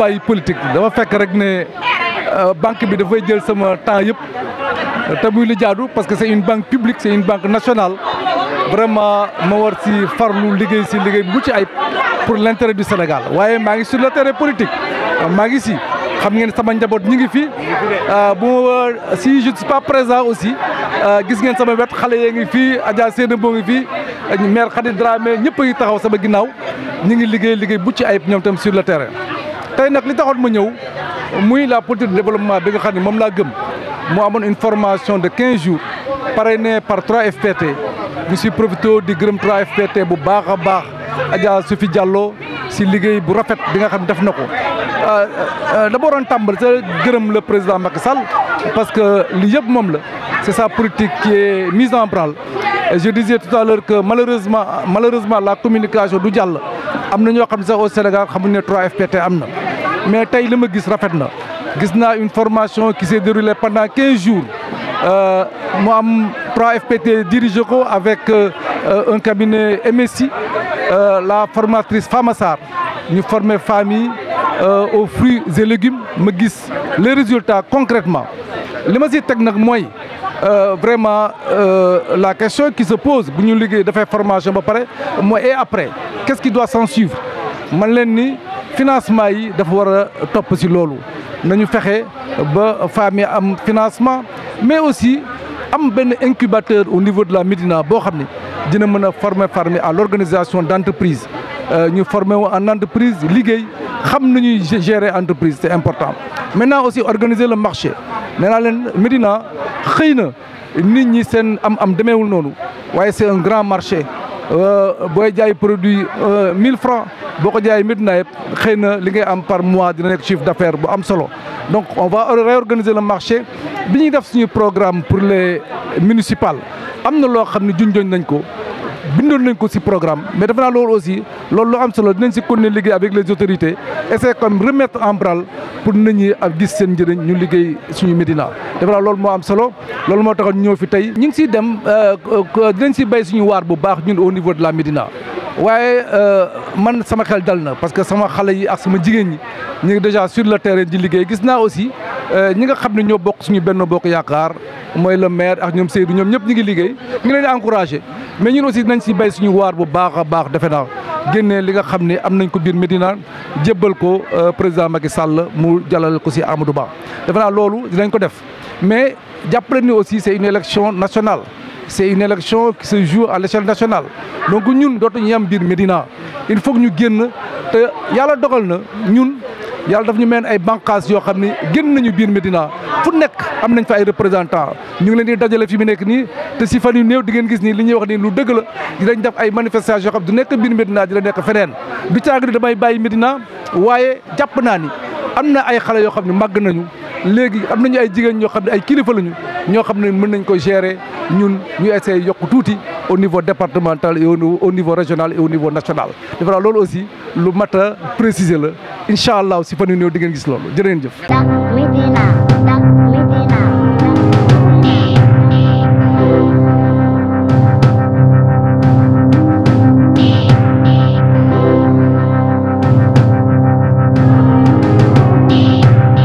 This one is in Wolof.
bàyyi politique dafa fekk rek ne euh, banque bi dafay jël sama temps yëpp te muy lu jaadu parce que c'est une banque publique c'est une banque nationale vraiment ma war si farlu liggéey si liggéey bu ci ayib pour l'intérêt du Sénégal waaye maa ngi sur le terrain politique euh, maa ngi si xam ngeen sama njaboot ñi ngi fi euh, bu ma si je ne suis pas présent aussi gis ngeen sama wet xale yee ngi fi Adja Seyna boo ngi fi maire Khady Dramé ñëpp a ngi taxaw sama ginnaaw ñi ngi liggéey liggéey bu ci ayib ñoom tam sur le terrain tey nag li taxoon ma ñëw muy la politique de développement bi nga xam ne moom laa gëm mu amoon une formation de 15 jours parrainée par 3FPT ñu si profité di gërëm 3FPT bu baax a baax Adja Sufi Diallo si liggéey bu rafet bi nga xam ne def na ko dama waroon tàmbal sa gërëm la président Macky Sall parce que li yëpp moom la c'est sa politique qui est mise en branle et je disais tout à l'heure que malheureusement malheureusement la communication du jàll am na ñoo xam ne sax Sénégal xamuñ ne 3FPT am na mais tay li gis une formation qui s'est déroulée pendant 15 jours euh, moi, am 3FPT dirige avec euh, un cabinet MSI euh, la formatrice FAMASAR, Nous formons la famille aux fruits et légumes me gis les résultats concrètement Lima me tek vraiment la question qui se pose Si nous faire formation et après qu'est-ce qui doit s'en suivre financement yi dafa war a topp ci loolu nañu financement mais aussi am incubateur au niveau de la Médina nous xam ne dina mën former à l'organisation d'entreprise Nous euh, former une en entreprise liggéey xam nañuy gérer entreprise c'est important maintenant aussi organiser le marché nee naa Médina nit ñi am am c'est un grand marché Euh, booy jaay produit 1000 euh, francs boo ko jaay jaayee midnight xëy na li ngay am par mois dina nekk chiffre d'affaires bu am solo donc on va réorganiser la marché bi ñuy def suñu programme pour le municipales am na loo xam ne junjoon nañ ko. bindon nañ ko ci programme mais defe naa loolu aussi lool lu am solo dinañ ci continuer liggéey avec les autorités essayer comme remettre en branle pour nit ñi ak gis seen njëriñ ñu liggéey suñu Médina dafa naa loolu moo am solo loolu moo taxoon ñëw fi tay ñu ci dem euh dinañ ci bay suñu war bu baax ñun au niveau de la Médina euh man sama xel dal na parce que sama xalé yi ak sama jigéen ñi ñi déjà sur le terrain di liggéey gis na aussi euh, ñi nga xam ñoo bok suñu benn bok yaakaar moy le maire ak ñoom Seydou ñoom ñëpp ñi ngi liggéey ñi ngi leen encourager mais ñun aussi nañ si bay suñu waar bu baax a baax defe naa génnee li nga xam ne am nañ ko biir Médina jébbal ko euh, président Macky Sall mu jàllale ko si Amadou Ba defe naa loolu dinañ ko def mais jàppale ni aussi c'est une élection nationale c'est une élection qui se joue à l'échelle nationale donc ñun dootuñu yam biir Médina il faut ñu génn te yàlla dogal na ñun yàlla daf ñu meen ay bànqaas yoo xam ni génn nañu biir Medina fu nekk am nañ fa ay représentant ñu ngi leen di dajale fi mu nekk nii te si fan yu néew di ngeen gis nii li ñuy wax nii lu dëgg la dinañ def ay manifestation yoo xam du nekk biir Medina la nekk feneen du caag ni damay bàyyi Medina waaye jàpp naa ni am na ay xale yoo xam ne màgg nañu léegi am nañu ay jigéen ñoo xam ne ay kilifa lañu ñoo xam ne mën nañ koy gérer ñun ñu essayé yokk tuuti au niveau départemental au niveau régional et au niveau national defe loolu aussi lu mat a préciser la incha allah si fan yu néew di gis loolu jërë ngeen jëf.